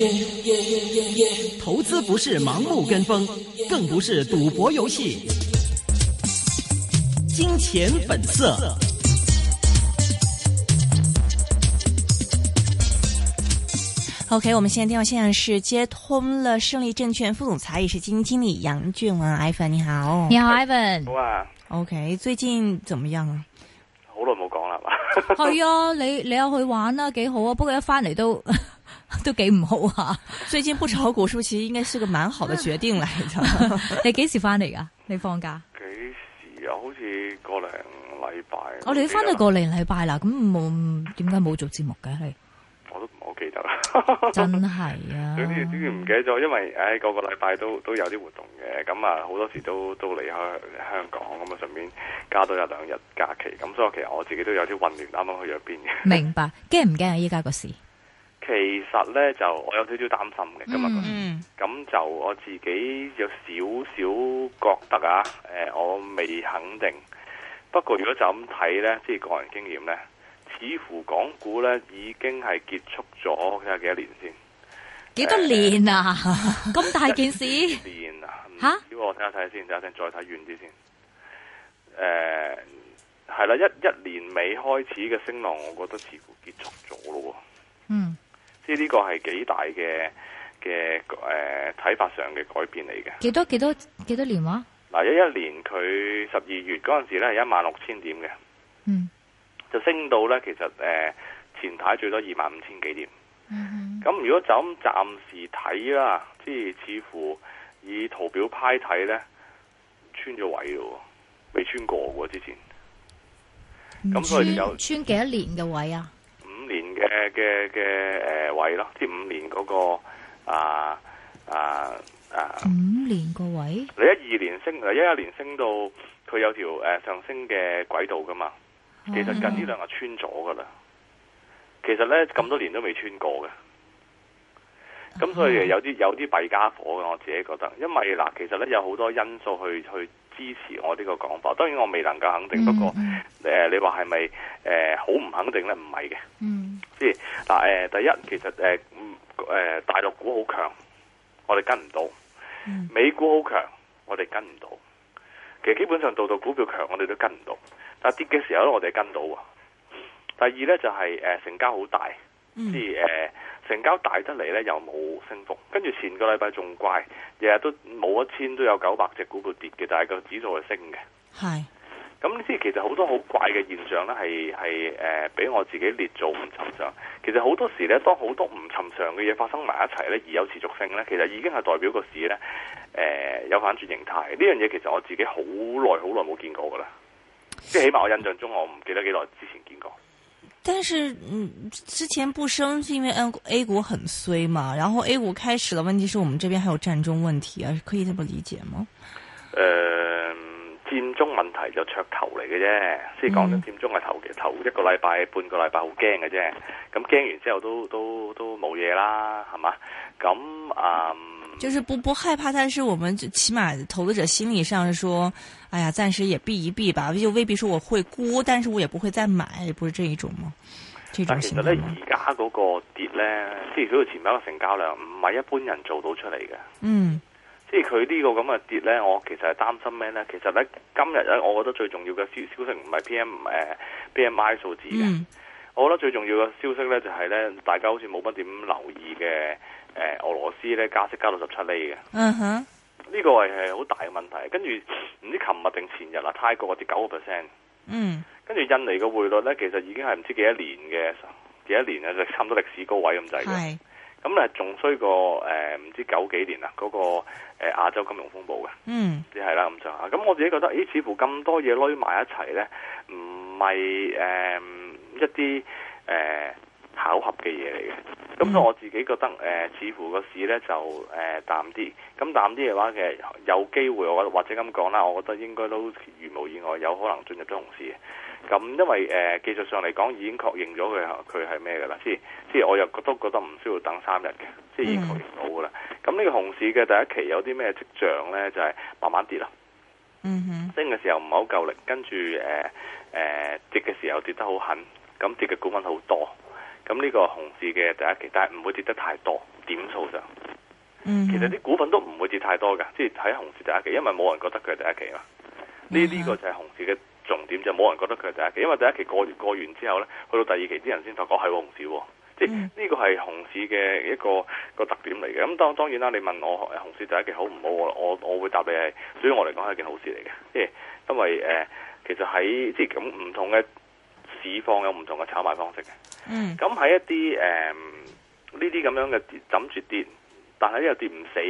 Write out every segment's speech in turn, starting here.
投資不是盲目跟風，更不是賭博遊戲。金錢本色。OK，我們現在電話線上是接通了勝利證券副總裁也是基金經理楊俊文。Ivan 你好，你好 Ivan。哇喂。OK，最近怎麼樣 啊？好耐冇講啦嘛。係啊，你你又去玩啦，幾好啊！不過一翻嚟都都幾唔好啊。最近不炒股，其實 應該是個蠻好的決定嚟。你幾時翻嚟㗎？你放假？幾時啊？好似個零禮拜。哦、禮拜我哋都翻咗個零禮拜啦，咁冇點解冇做節目嘅？係我都唔好記得啦， 真係啊！所以唔記得咗，因為唉，哎、個個禮拜都都有啲活動嘅，咁啊好多時都都離開香港，咁啊順便加多一兩日假期，咁所以其實我自己都有啲混亂，啱啱去咗邊嘅。明白，驚唔驚啊？依家個事。其實咧，就我有少少擔心嘅，今日，咁、嗯嗯、就我自己有少少覺得啊，誒，我未肯定。不過如果就咁睇咧，即係個人經驗咧，似乎港股咧已經係結束咗，睇下幾多年先。幾多年啊？咁、呃、大件事。年， 年啊！吓，我睇下睇下先，睇下先，再睇遠啲先。誒，係啦，一一年尾開始嘅升浪，我覺得似乎結束咗咯。嗯。即係呢個係幾大嘅嘅誒睇法上嘅改變嚟嘅。幾多幾多幾多年話、啊？嗱、啊，一一年佢十二月陣時咧係一萬六千點嘅，嗯，就升到咧其實誒、呃、前台最多二萬五千幾點，咁、嗯、哼如果就咁暫時睇啦，即係似乎以圖表派睇咧穿咗位咯，未穿過嘅之前。咁所以有穿幾多年嘅位啊？五年。嘅。誒嘅嘅誒位咯，即係、呃呃、五年嗰、那個啊啊啊五年個位，你一二年升，你一一年升到佢有條誒、呃、上升嘅軌道噶嘛，其實近呢兩日穿咗噶啦，其實咧咁多年都未穿過嘅。咁所以有啲有啲弊家伙嘅，我自己覺得，因為嗱，其實咧有好多因素去去支持我呢個講法。當然我未能夠肯定，不過誒，你話係咪誒好唔肯定咧？唔係嘅，即係嗱誒，第一其實誒誒大陸股好強，我哋跟唔到；美股好強，我哋跟唔到。其實基本上度度股票強，我哋都跟唔到。但係跌嘅時候咧，我哋跟到。第二咧就係誒成交好大，即係誒。成交大得嚟呢又冇升幅，跟住前個禮拜仲怪，日日都冇一千都有九百隻股票跌嘅，但係個指數係升嘅。係是，咁呢啲其實好多好怪嘅現象呢，係係誒，俾、呃、我自己列做唔尋常。其實好多時呢，當好多唔尋常嘅嘢發生埋一齊呢，而有持續性呢，其實已經係代表個市呢，誒、呃、有反轉形態。呢樣嘢其實我自己好耐好耐冇見過噶啦，即係起碼我印象中，我唔記得幾耐之前見過。但是，嗯，之前不升是因為 A A 股很衰嘛，然後 A 股開始的問題是我們這邊還有佔中問題啊，可以這麼理解嗎？誒、呃，佔中問題就噱頭嚟嘅啫，先講緊佔中嘅頭、嗯、頭一個禮拜、半個禮拜好驚嘅啫，咁驚完之後都都都冇嘢啦，係嘛？咁啊，嗯、就是不不害怕，但是我們起碼投資者心理上說。哎呀，暫時也避一避吧，又未必說我會沽，但是我也不會再買，不是這一種嗎？種嗎，但係其實咧，而家嗰個跌咧，即係佢前面個成交量唔係一般人做到出嚟嘅。嗯。即係佢呢個咁嘅跌咧，我其實係擔心咩咧？其實咧今日咧，我覺得最重要嘅消消息唔係 P M 誒 P M I 數字嘅。嗯、我覺得最重要嘅消息咧就係、是、咧，大家好似冇乜點留意嘅誒、呃，俄羅斯咧加息加到十七厘嘅。嗯哼。呢個係係好大嘅問題，跟住唔知琴日定前日啦，泰國啲九個 percent，嗯，跟住印尼嘅匯率咧，其實已經係唔知幾多年嘅幾多年咧，就差唔多歷史高位咁滯嘅，咁咧仲衰過誒唔知九幾年啦，嗰個誒亞洲金融風暴嘅，嗯，係啦咁就啊，咁我自己覺得，咦，似乎咁多嘢攞埋一齊咧，唔係誒一啲誒，呃巧合嘅嘢嚟嘅，咁所以我自己覺得誒、呃，似乎個市咧就誒、呃、淡啲，咁淡啲嘅話嘅有機會我覺得，或者咁講啦，我覺得應該都如無意外，有可能進入咗紅市，咁因為誒、呃、技術上嚟講已經確認咗佢佢係咩嘅啦，即即我又都覺得唔需要等三日嘅，即係確認到噶啦。咁呢、嗯、個紅市嘅第一期有啲咩跡象咧？就係、是、慢慢跌啦，嗯、哼升嘅時候唔好夠力，跟住誒誒跌嘅時候跌得好狠，咁跌嘅股份好多。咁呢個熊市嘅第一期，但係唔會跌得太多點數上，mm hmm. 其實啲股份都唔會跌太多嘅，即係喺熊市第一期，因為冇人覺得佢係第一期啊。呢呢、mm hmm. 個就係熊市嘅重點，就冇、是、人覺得佢係第一期，因為第一期過完過完之後呢，去到第二期啲人先發覺係熊市、啊，即係呢個係熊市嘅一個一個特點嚟嘅。咁當然當然啦，你問我熊市第一期好唔好？我我會答你係，對於我嚟講係一件好事嚟嘅，即、就、係、是、因為誒、呃，其實喺即係咁唔同嘅。市況有唔同嘅炒賣方式嘅，咁喺、嗯、一啲誒呢啲咁樣嘅枕住跌，但係又跌唔死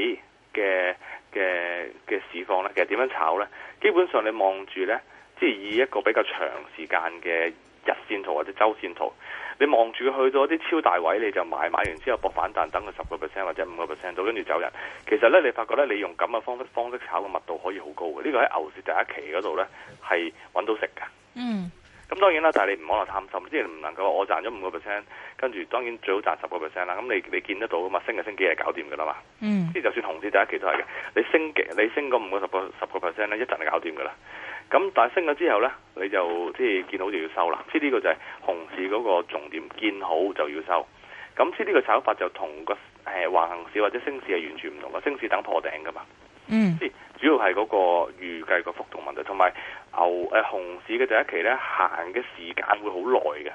嘅嘅嘅市況咧，其實點樣炒咧？基本上你望住咧，即係以一個比較長時間嘅日綫圖或者周綫圖，你望住去到一啲超大位，你就買，買完之後搏反彈，等佢十個 percent 或者五個 percent 到，跟住走人。其實咧，你發覺咧，你用咁嘅方式方式炒嘅密度可以好高嘅。呢、這個喺牛市第一期嗰度咧，係搵到食嘅。嗯。咁當然啦，但、就、係、是、你唔可能貪心，啲人唔能夠我賺咗五個 percent，跟住當然最好賺十個 percent 啦。咁你你見得到噶嘛？升就星期日搞掂噶啦嘛？即係、嗯、就算熊市第一期都係嘅，你升極，你升個五個十個十個 percent 咧，一陣就搞掂噶啦。咁但係升咗之後咧，你就即係見好就要收啦。即呢個就係熊市嗰個重點，見好就要收。咁即呢個炒法就同、那個誒、呃、橫行市或者升市係完全唔同嘅，升市等破頂噶嘛。嗯，主要係嗰個預計個幅度問題，同埋。牛誒、呃、熊市嘅第一期咧，行嘅時間會好耐嘅，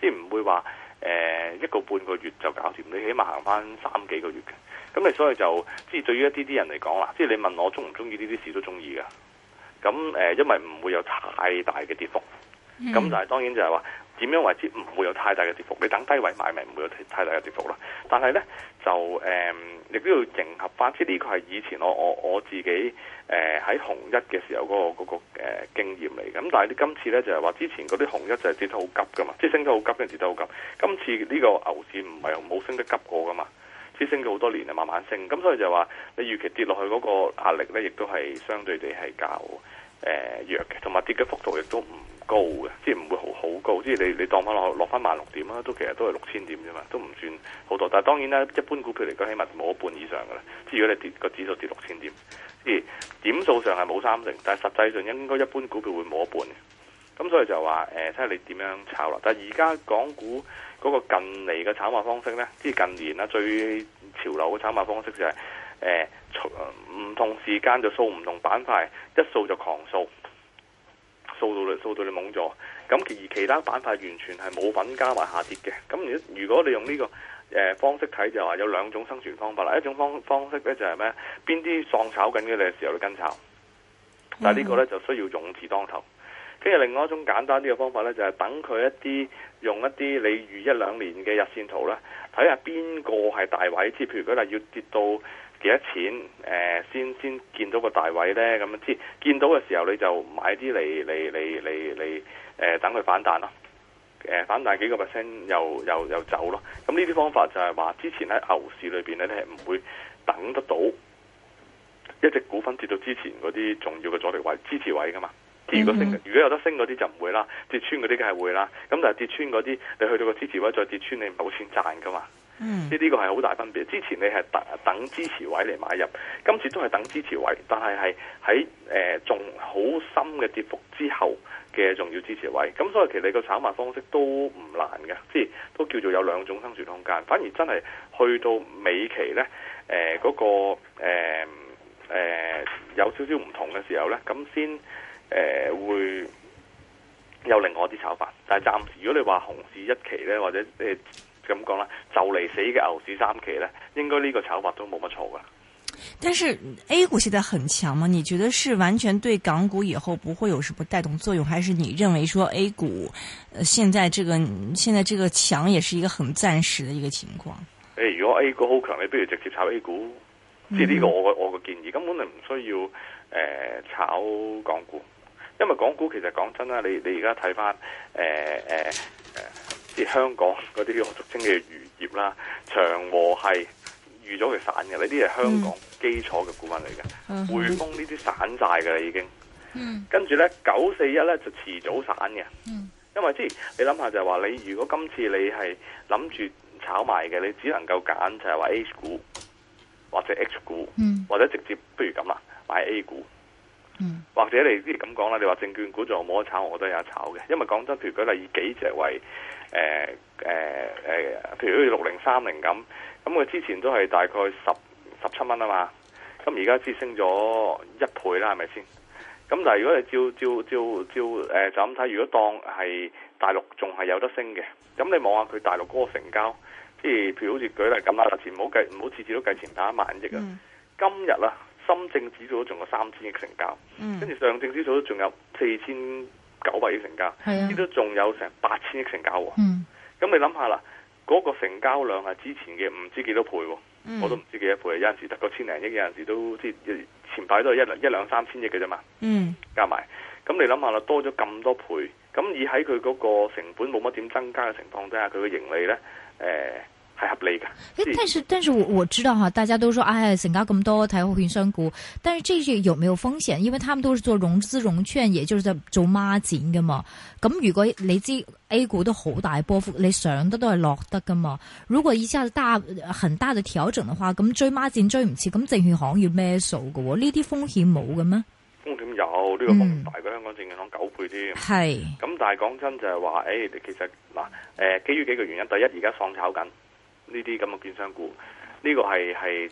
即係唔會話誒、呃、一個半個月就搞掂，你起碼行返三幾個月嘅，咁你所謂就即係對於一啲啲人嚟講啦，即係你問我鍾唔鍾意呢啲事都鍾意㗎，咁誒、呃、因為唔會有太大嘅跌幅，咁但係當然就係話。點樣為之唔會有太大嘅跌幅？你等低位買咪唔會有太大嘅跌幅啦。但係呢，就誒，亦、嗯、都要迎合翻，即係呢個係以前我我我自己誒喺、呃、紅一嘅時候嗰、那個嗰、那個、呃、經驗嚟。咁但係你今次呢，就係、是、話之前嗰啲紅一就係跌得好急噶嘛，即係升得好急跟住跌得好急。今次呢個牛市唔係冇升得急過噶嘛，即係升咗好多年啊，慢慢升。咁所以就話你預期跌落去嗰個壓力呢，亦都係相對地係較，誒、呃、弱嘅，同埋跌嘅幅度亦都唔高嘅，即係唔會好好高。即係你你當翻落落翻萬六點啦，都其實都係六千點啫嘛，都唔算好多。但係當然啦，一般股票嚟講，起碼冇一半以上嘅啦。即係如果你跌個指數跌六千點，即係點數上係冇三成，但係實際上應該一般股票會冇一半嘅。咁所以就話誒，睇、呃、下你點樣炒啦。但係而家港股嗰個近嚟嘅炒賣方式呢，即係近年啦最潮流嘅炒賣方式就係、是、誒。呃唔同時間就掃唔同板塊，一掃就狂掃，掃到你掃到你懵咗。咁其而其他板塊完全係冇份加埋下跌嘅。咁如果如果你用呢、這個誒、呃、方式睇，就話有兩種生存方法啦。一種方方式咧就係咩？邊啲喪炒緊嘅你時候去跟炒。但係呢個咧、mm hmm. 就需要勇字當頭。跟住另外一種簡單啲嘅方法咧，就係、是、等佢一啲用一啲你預一,一兩年嘅日線圖啦，睇下邊個係大位，即譬如佢嗱要跌到。幾多錢？誒、呃，先先見到個大位呢。咁樣知見到嘅時候你就買啲嚟嚟嚟嚟嚟，誒等佢反彈咯。誒、呃、反彈幾個 percent 又又又走咯。咁呢啲方法就係話之前喺牛市裏邊你係唔會等得到一隻股份跌到之前嗰啲重要嘅阻力位支持位噶嘛。如果升，如果有得升嗰啲就唔會啦。跌穿嗰啲梗係會啦。咁但係跌穿嗰啲，你去到個支持位再跌穿，你冇錢賺噶嘛。即係呢個係好大分別。之前你係等支持位嚟買入，今次都係等支持位，但係係喺誒仲好深嘅跌幅之後嘅重要支持位。咁所以其實你個炒賣方式都唔難嘅，即係都叫做有兩種生存空間。反而真係去到尾期呢，誒、呃、嗰、嗰個誒、呃呃、有少少唔同嘅時候呢，咁先誒會有另外啲炒法。但係暫時如果你話熊市一期呢，或者誒。咁講啦，就嚟死嘅牛市三期咧，應該呢個炒法都冇乜錯㗎。但是 A 股現在很強嗎？你覺得是完全對港股以後不會有什麼帶動作用，還是你認為說 A 股，呃、這個，現在這個現在這個強，也是一個很暫時的一個情況？誒，如果 A 股好強，你不如直接炒 A 股，即係呢個我個、嗯、我個建議，根本就唔需要誒、呃、炒港股，因為港股其實講真啦，你你而家睇翻誒誒。呃呃呃呃香港嗰啲我俗稱嘅漁業啦，長和系預咗佢散嘅，呢啲係香港基礎嘅股份嚟嘅。匯豐呢啲散晒噶啦，已經。嗯，跟住咧九四一咧就遲早散嘅。嗯，因為即係你諗下就係話你如果今次你係諗住炒賣嘅，你只能夠揀就係話 A 股或者 H 股，嗯，或者直接不如咁啊，買 A 股。嗯、或者你啲咁講啦，你話證券股仲有冇得炒？我覺得有得炒嘅，因為講真，譬如舉例以幾隻為誒誒誒，譬如好似六零三零咁，咁佢之前都係大概十十七蚊啊嘛，咁而家只升咗一倍啦，係咪先？咁但係如果你照照照照誒就咁睇，如果當係大陸仲係有得升嘅，咁你望下佢大陸嗰個成交，即係譬如好似舉例咁啦，暫時冇計，唔好次次都計前晚一萬億、嗯、啊，今日啦。深證指數都仲有三千億成交，跟住、嗯、上證指數都仲有四千九百億成交，亦都仲有成八千億成交喎。咁、嗯嗯、你諗下啦，嗰、那個成交量係之前嘅唔知幾多倍喎，嗯、我都唔知幾多倍。有陣時得個千零億，有陣時都即前排都係一兩三千億嘅啫嘛。嗯、加埋，咁你諗下啦，多咗咁多倍，咁而喺佢嗰個成本冇乜點增加嘅情況底下，佢嘅盈利呢。誒、呃。係合理嘅，誒，但是，但是我我知道哈，大家都說，哎、成交咁多，睇好券商股，但是這些有沒有風險？因為，他們都是做融資融券嘢，也就是做做孖展嘅嘛。咁如果你知 A 股都好大波幅，你上得都係落得嘅嘛。如果依家大好大嘅調整嘅話，咁追孖展追唔切，咁證券行要咩數嘅？呢啲風險冇嘅咩？風險有，呢、這個風險大過、嗯、香港證券行九倍添。係是。咁但係講真就係話，誒、哎，其實嗱，誒、呃，基於幾，幾個原因，第一而家放炒緊。呢啲咁嘅券商股，呢、呢個係係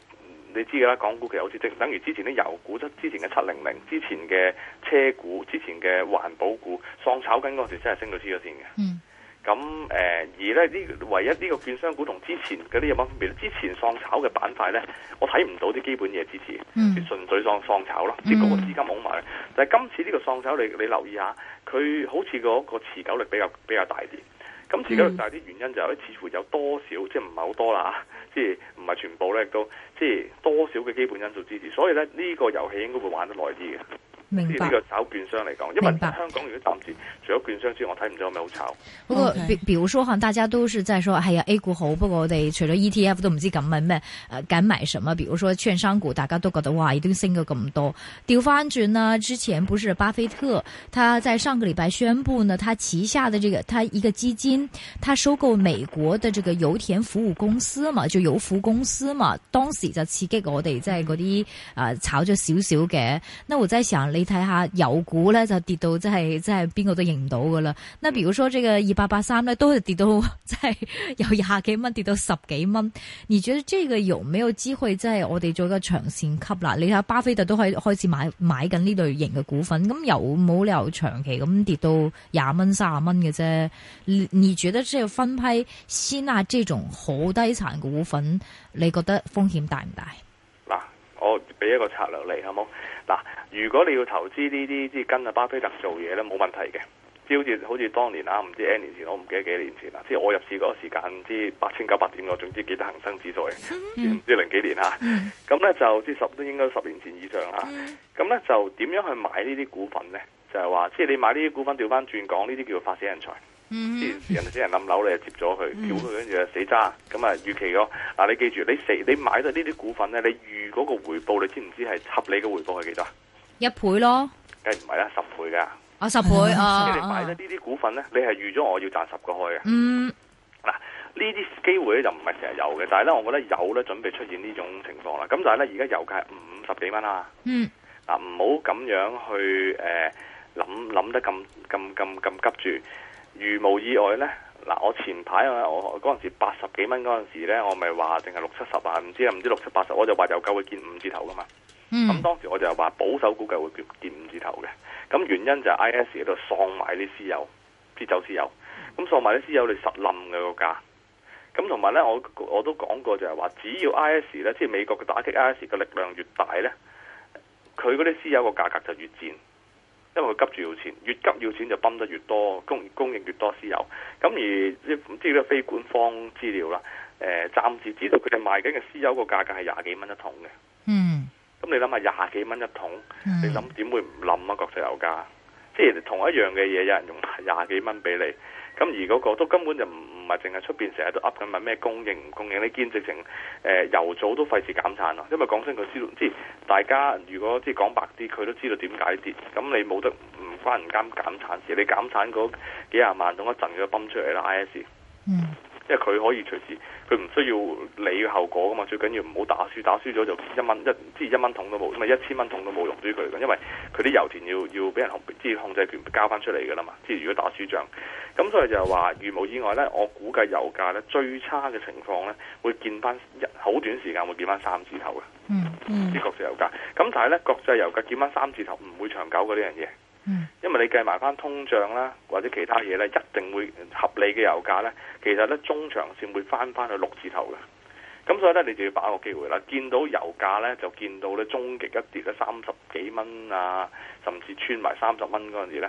你知噶啦，港股其實好似即係等於之前啲油股，即係之前嘅七零零，之前嘅車股，之前嘅環保股，喪炒緊嗰時真係升到黐咗線嘅。嗯。咁誒、嗯，而咧呢唯一呢個券商股同之前嗰啲有乜分別咧？之前喪炒嘅板塊咧，我睇唔到啲基本嘢支持，序嗯，純粹喪喪炒咯，即個資金擁埋。但係今次呢個喪炒，你你留意下，佢好似嗰個持久力比較比較大啲。咁至於大啲原因就係咧，似乎有多少即係唔係好多啦，即係唔係全部咧，亦都即係多少嘅基本因素支持，所以咧呢個遊戲應該會玩得耐啲嘅。明白，呢個炒券商嚟講，因為香港如果暫時除咗券商之外，我睇唔到有咩好炒。不過，比，比如講，大家都是在說，係、哎、啊，A 股好。不過我哋除咗 ETF 都唔知敢買咩，誒、呃，敢買什麼？比如說券商股，大家都覺得哇，已經升咗咁多。調翻轉啦，之前不是巴菲特，他在上個禮拜宣布呢，他旗下嘅這個，他一個基金，他收購美國的這個油田服務公司嘛，就油服公司嘛。當時就刺激我哋即係嗰啲誒炒咗少少嘅。那我在想。你睇下油股咧，就跌到真係真係邊個都認唔到噶啦。那比如說這個呢個二八八三咧，都係跌到即係由廿幾蚊跌到十幾蚊。你覺得呢個油，有冇機會真係我哋做一個長線級啦。你睇下巴菲特都可以開始買買緊呢類型嘅股份，咁又冇理由長期咁跌到廿蚊、卅蚊嘅啫？你你覺得即係分批先啊，即係好低殘嘅股份，你覺得風險大唔大？嗱、啊，我俾一個策略你，好冇？嗱，如果你要投資呢啲，即係跟阿巴菲特做嘢咧，冇問題嘅。招住好似當年啊，唔知 N 年前，我唔記得幾年前啦。即係我入市嗰個時間，唔知八千九百點，我總之記得恒生指數嘅，即係零幾年嚇。咁咧就，即十都應該十年前以上嚇。咁咧就點樣去買呢啲股份咧？就係、是、話，即係你買呢啲股份，調翻轉講，呢啲叫做發起人才。呢段時間啲人冧樓，你又接咗佢，嗯、叫佢跟住又死揸，咁啊預期咯。嗱，你記住，你死你買咗呢啲股份咧，你預嗰個回報，你知唔知係合理嘅回報係幾多？一倍咯？梗係唔係啦，十倍噶。啊，十倍啊！即係、嗯、你買咗呢啲股份咧，你係預咗我要賺十個開嘅。嗯。嗱，呢啲機會咧就唔係成日有嘅，但係咧，我覺得有咧準備出現呢種情況啦。咁但係咧，而家油價係五十幾蚊啊。嗯。啊，唔好咁樣去誒諗諗得咁咁咁咁急住。如無意外呢，嗱，我前排啊，我嗰陣時八十幾蚊嗰陣時呢，我咪話淨係六七十啊，唔知啊，唔知六七八十，我就話有機會見五字頭㗎嘛。咁、嗯、當時我就話保守估計會見五字頭嘅。咁原因就係 I S 喺度喪埋啲私有，啲走私有。咁喪埋啲私有你實冧嘅個價。咁同埋呢，我我都講過就係話，只要 I S 呢，即係美國嘅打擊 I S 嘅力量越大呢，佢嗰啲私有個價格就越賤。因為佢急住要錢，越急要錢就泵得越多，供供應越多私油。咁而唔知咧非官方資料啦，誒、呃、暫時知道佢哋賣緊嘅私油個價格係廿幾蚊一桶嘅、嗯嗯。嗯，咁你諗下廿幾蚊一桶，你諗點會唔冧啊國際油價？即係同一樣嘅嘢，有人用廿幾蚊俾你。咁而嗰個都根本就唔唔係淨係出邊成日都噏緊問咩供應唔供應，你見直情誒油組都費事減產咯，因為講真佢知道，即係大家如果即係講白啲，佢都知道點解跌，咁你冇得唔關人家減產事，你減產嗰幾廿萬桶一陣就泵出嚟啦，I S 嗯。因為佢可以隨時，佢唔需要理嘅後果噶嘛。最緊要唔好打輸，打輸咗就一蚊一，即係一蚊桶都冇，咪一千蚊桶都冇用於佢嚟講。因為佢啲油田要要俾人控，即係控制權交翻出嚟㗎啦嘛。即係如果打輸仗，咁所以就係話如無意外咧，我估計油價咧最差嘅情況咧會見翻一好短時間會見翻三字頭嘅、嗯。嗯嗯，啲國際油價。咁但係咧國際油價見翻三字頭唔會長久嘅呢樣嘢。因為你計埋翻通脹啦，或者其他嘢咧，一定會合理嘅油價咧，其實咧中長線會翻翻去六字頭嘅。咁所以咧，你就要把握個機會啦。見到油價咧，就見到咧，終極一跌咗三十幾蚊啊，甚至穿埋三十蚊嗰陣時咧，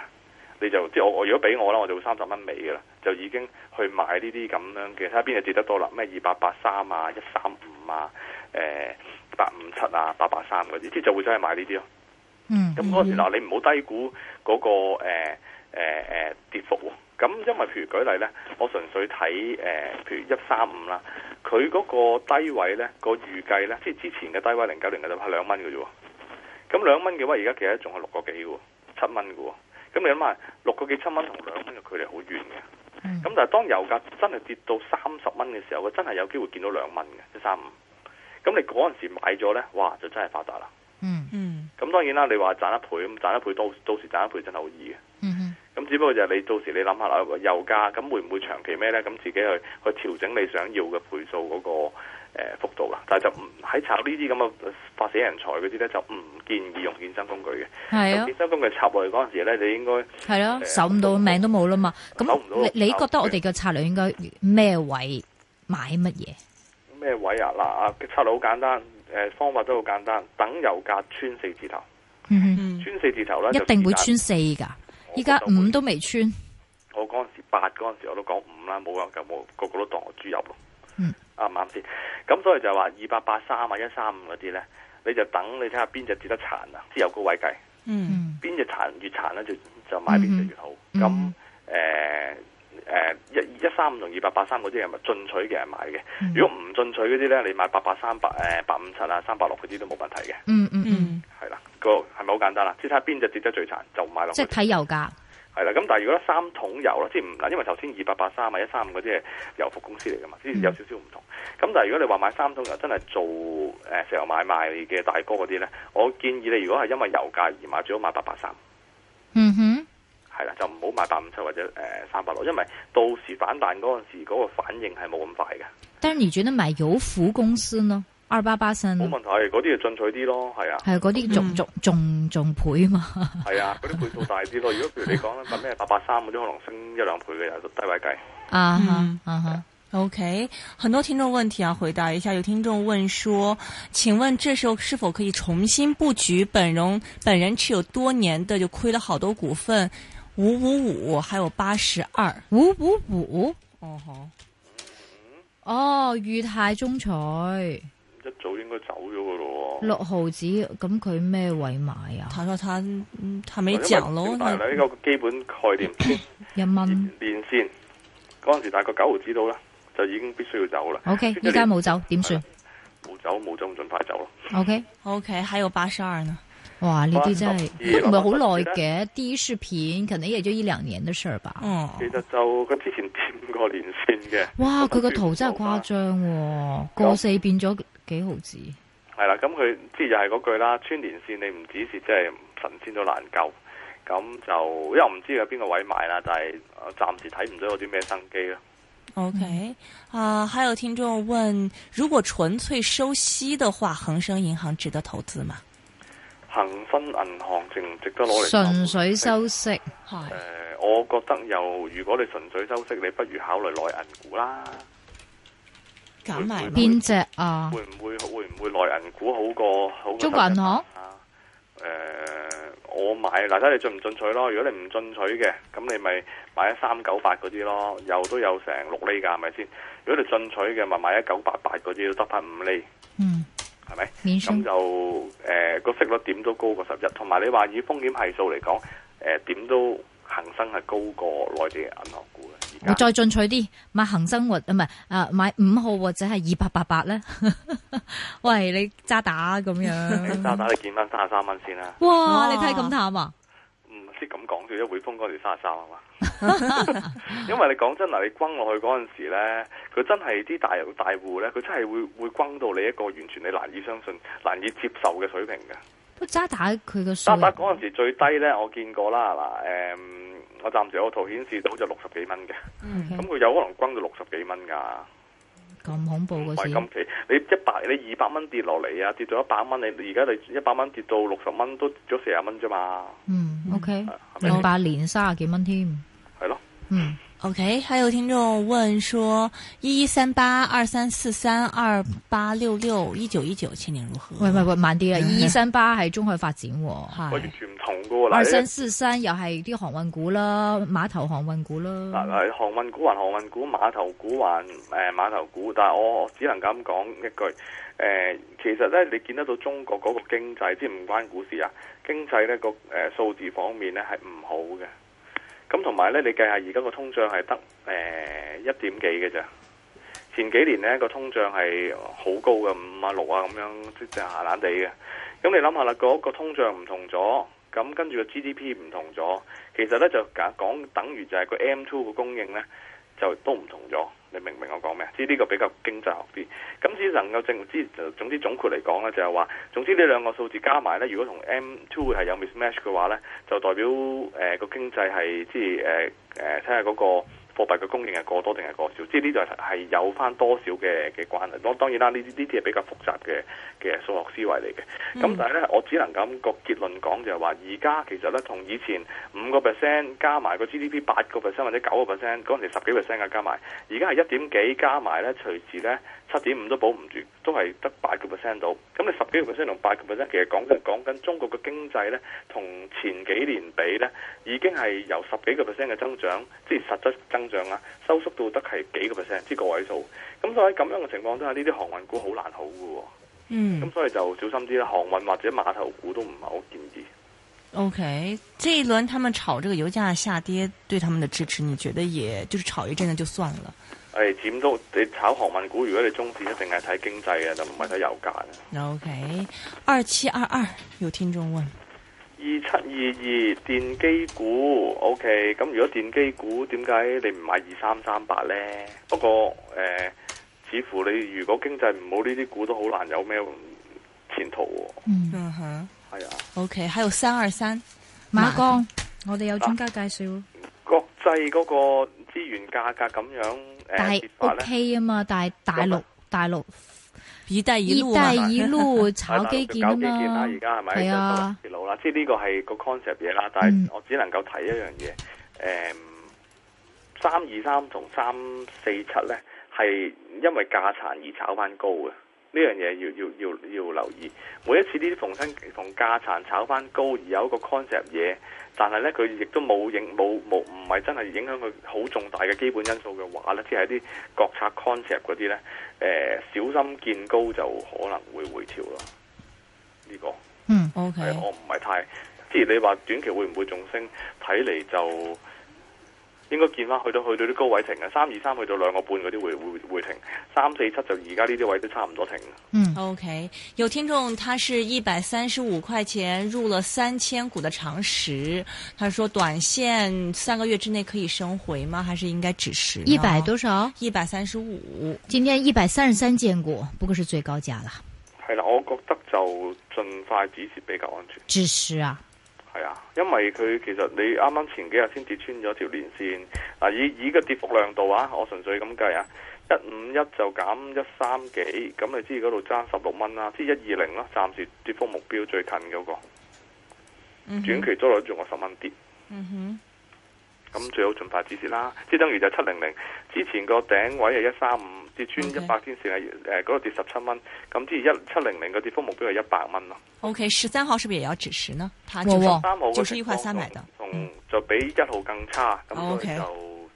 你就即係我我如果俾我啦，我就會三十蚊尾嘅啦，就已經去買呢啲咁樣，其實睇下邊度跌得多啦，咩二八八三啊，一三五啊，誒八五七啊，八八三嗰啲，即係就會真係買呢啲咯。咁嗰陣時嗱，嗯嗯、你唔好低估嗰、那個誒誒誒跌幅喎、哦。咁因為譬如舉例咧，我純粹睇誒、呃，譬如一三五啦，佢嗰個低位咧，個預計咧，即係之前嘅低位零九年嘅就係兩蚊嘅啫。咁兩蚊嘅話，而家其實仲係六個幾嘅，七蚊嘅。咁你諗下，六個幾七蚊同兩蚊嘅距離好遠嘅。咁、嗯、但係當油價真係跌到三十蚊嘅時候，佢真係有機會見到兩蚊嘅一三五。咁你嗰陣時買咗咧，哇，就真係發達啦、嗯。嗯嗯。咁當然啦，你話賺一倍咁賺一倍，一倍到時到時賺一倍真係好易嘅。咁、嗯、哼只不過就係你到時你諗下啊，又加，咁會唔會長期咩呢？咁自己去去調整你想要嘅倍數嗰個幅度啦。但係就唔喺炒呢啲咁嘅發死人財嗰啲呢，就唔建議用衍生工具嘅。係啊，衍生工具插落去嗰陣時咧，你應該係咯、啊，守唔到命都冇啦嘛。咁你你覺得我哋嘅策略應該咩位買乜嘢？咩位啊？嗱啊，策略好簡單。誒，方法都好簡單，等油價穿四字頭，mm hmm. 穿四字頭咧，一定會穿四㗎。依家覺五都未穿，我嗰陣時八嗰陣時我都講五啦，冇啊，就冇個個都當我豬油咯。啱唔啱先？咁、hmm. 嗯嗯、所以就係話二八八三啊，一三五嗰啲呢，你就等你睇下邊隻跌得殘啊，即係由高位計，邊隻殘越殘呢，就就買邊隻越好。咁誒。誒、yeah.，一一三五同二八八三嗰啲係咪進取嘅人買嘅？如果唔進取嗰啲咧，你買八八三、八誒八五七啊、三八六嗰啲都冇問題嘅。嗯嗯嗯，係啦，個係咪好簡單啦？即係睇邊隻跌得最殘就買落。即係睇油價。係啦，咁但係如果三桶油啦，即係唔嗱，因為頭先二八八三啊、一三五嗰啲係油服公司嚟噶嘛，有少少唔同。咁但係如果你話買三桶油，真係做誒石油買賣嘅大哥嗰啲咧，我建議你如果係因為油價而買，最好買八八三。嗯哼。係啦，就唔好買八五七或者誒三百六，呃、360, 因為到時反彈嗰陣時，嗰、那個反應係冇咁快嘅。但係你覺得買油服公司呢？二八八三冇問題，嗰啲就進取啲咯，係啊。係嗰啲仲逐逐逐倍啊嘛。係 啊，嗰啲倍數大啲咯。如果譬如你講啦，個咩八八三嗰啲可能升一兩倍嘅，就低位計。啊哈啊哈。Huh, uh huh. Yeah. OK，很多聽眾問題啊，回答一下。有聽眾問說：請問這時候是否可以重新布局？本榮本人持有多年的就虧了好多股份。五五五，還有八十二，五五五，哦好，哦裕泰中彩，一早應該走咗噶咯，六毫子，咁佢咩位買啊？睇睇睇睇咪漲咯，但係呢個基本概念，一蚊變先，嗰陣時大概九毫子到啦，就已經必須要走啦。O K，依家冇走，點算？冇走冇走，咁盡快走咯。O K O K，還有八十二呢。哇！呢啲真係都唔係好耐嘅，第一視片可能也就一兩年嘅事吧。哦、其實就佢之前占過連線嘅。哇！佢、哦、個圖真係誇張，過四變咗幾毫子。係啦、嗯，咁佢即係又係嗰句啦，穿連線你唔止是即係神仙都難救，咁就因又唔知有邊個位買啦，但係暫時睇唔到有啲咩新機咯。OK，啊，喺度聽眾問：如果純粹收息的話，恒生銀行值得投資嗎？恒生銀行值唔值得攞嚟純粹收息，誒、呃，我覺得又如果你純粹收息，你不如考慮內銀股啦。咁咪邊隻啊？會唔會會唔會，會，會內銀股好過好過中國銀行？誒，我買嗱睇你進唔進取咯。如果你唔進取嘅，咁你咪買一三九八嗰啲咯，又都有成六厘㗎，係咪先？如果你進取嘅，咪買一九八八嗰啲都得翻五厘。嗯。係咪？咁就誒，個、呃、息率點都高過十日，同埋你話以風險係數嚟講，誒、呃、點都恒生係高過內地嘅銀行股嘅。你再進取啲，買恒生活啊唔係啊，買五號或者係二八八八咧？ 喂，你渣打咁樣？你渣打你見翻三十三蚊先啦。哇！你睇咁淡啊？哇哇即咁講佢一匯豐嗰時三十三啊嘛， 因為你講真啦，你轟落去嗰陣時咧，佢真係啲大大戶咧，佢真係會會轟到你一個完全你難以相信、難以接受嘅水平嘅。扎打佢嘅數，扎打嗰陣時最低咧，我見過啦嗱，誒、嗯，我暫時有個圖顯示到就六十幾蚊嘅，咁佢 Okay. 有可能轟到六十幾蚊㗎。咁恐怖嗰次，唔係咁你一百，你二百蚊跌落嚟啊，跌到一百蚊。你而家你一百蚊跌到六十蚊，都跌咗四十蚊啫嘛。嗯，O K。零、okay, 是八年卅幾蚊添，係咯。嗯，OK，還有聽眾問說，一一三八二三四三二八六六一九一九前景如何？喂喂喂，慢啲啊！一一三八係中海發展，係完全唔同，二三四三又係啲航運股啦，碼頭航運股啦。嗱，係航運股還航運股，碼頭股還誒碼頭股，但係我只能夠咁講一句，誒、呃，其實咧你見得到中國嗰個經濟，即係唔關股市啊，經濟咧個誒數字方面咧係唔好嘅。咁同埋咧，你計下、呃、而家個通脹係得誒一點幾嘅咋？前幾年呢個通脹係好高嘅，五啊六啊咁樣即係下爛地嘅。咁你諗下啦，嗰個通脹唔同咗，咁跟住個 GDP 唔同咗，其實咧就講等於就係個 M2 嘅供應咧。就都唔同咗，你明唔明我講咩？即係呢個比較經濟學啲。咁只能夠正之，總之總括嚟講咧，就係話總之呢兩個數字加埋咧，如果同 M2 係有 Mismatch 嘅話咧，就代表誒個、呃、經濟係即係誒誒睇下嗰個。貨幣嘅供應係過多定係過少，即係呢度係有翻多少嘅嘅關係。當當然啦，呢啲呢啲係比較複雜嘅嘅數學思維嚟嘅。咁但係咧，我只能咁個結論講就係話，而家其實咧，同以前五個 percent 加埋個 GDP 八個 percent 或者九個 percent 嗰陣時十幾 percent 嘅加埋，而家係一點幾加埋咧，隨時咧。七點五都保唔住，都係得八個 percent 到。咁你十幾個 percent 同八個 percent，其實講緊講緊中國嘅經濟咧，同前幾年比咧，已經係由十幾個 percent 嘅增長，即係實質增長啊，收縮到得係幾個 percent，即個位數。咁所以咁樣嘅情況之下，呢啲航運股好難好㗎喎。嗯。咁所以就小心啲啦，航運或者碼頭股都唔係好建議。OK，這一輪他們炒這個油價下跌對他們的支持，你覺得也就是炒一陣子就算了。嗯係，點都你炒航運股？如果你中線一定係睇經濟嘅，就唔係睇油價嘅。O K，二七二二有聽眾問，二七二二電機股。O K，咁如果電機股點解你唔買二三三八咧？不過誒，似乎你如果經濟唔好，呢啲股都好難有咩前途。嗯哼，係啊。O K，喺度三二三，馬江，我哋有專家介紹，國際嗰個。資源價格咁樣誒，但係是、呃、OK 啊、嗯、陸嘛，但係大陸大陸以低二路啊嘛，炒基 建啊嘛，而家係咪？係啊，鐵路啦，嗯、即係呢個係個 concept 嘢啦，但係我只能夠睇一樣嘢誒，三二三同三四七咧係因為價殘而炒翻高嘅。呢樣嘢要要要要留意。每一次呢啲逢新逢價殘炒翻高，而有一個 concept 嘢，但係呢，佢亦都冇影冇冇唔係真係影響佢好重大嘅基本因素嘅話咧，即係啲國策 concept 嗰啲呢，誒、呃、小心見高就可能會回調咯。呢、這個嗯 OK、哎、我唔係太即係你話短期會唔會重升？睇嚟就。應該見翻去到去到啲高位停嘅，三二三去到兩個半嗰啲會會會停，三四七就而家呢啲位都差唔多停。嗯，OK。有聽眾他是一百三十五塊錢入了三千股的長實，他說短線三個月之內可以升回嗎？還是應該止蝕？一百多少？一百三十五。今天一百三十三見過，不過是最高價啦。係啦，我覺得就盡快止蝕比較安全。止蝕啊！係啊，因為佢其實你啱啱前幾日先跌穿咗條連線，啊以以個跌幅量度啊，我純粹咁計啊，一五一就減一三幾，咁你知嗰度爭十六蚊啦，即係一二零咯，暫時跌幅目標最近嗰、那個，短、mm hmm. 期阻力仲有十蚊跌。嗯哼、mm。Hmm. 咁最好盡快止蝕啦，即係等於就七零零之前個頂位係一三五，跌穿一百天線係誒嗰度跌十七蚊，咁即係一七零零個跌幅目標係一百蚊咯。OK，十三號是不是也要止蝕呢？佢十三號九十一塊三買的，同就比一號更差，咁所以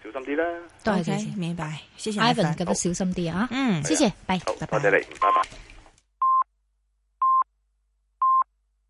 就小心啲啦。多謝明白，謝謝，Ivan，記得小心啲啊。嗯，謝謝，拜，好，多謝你，拜拜。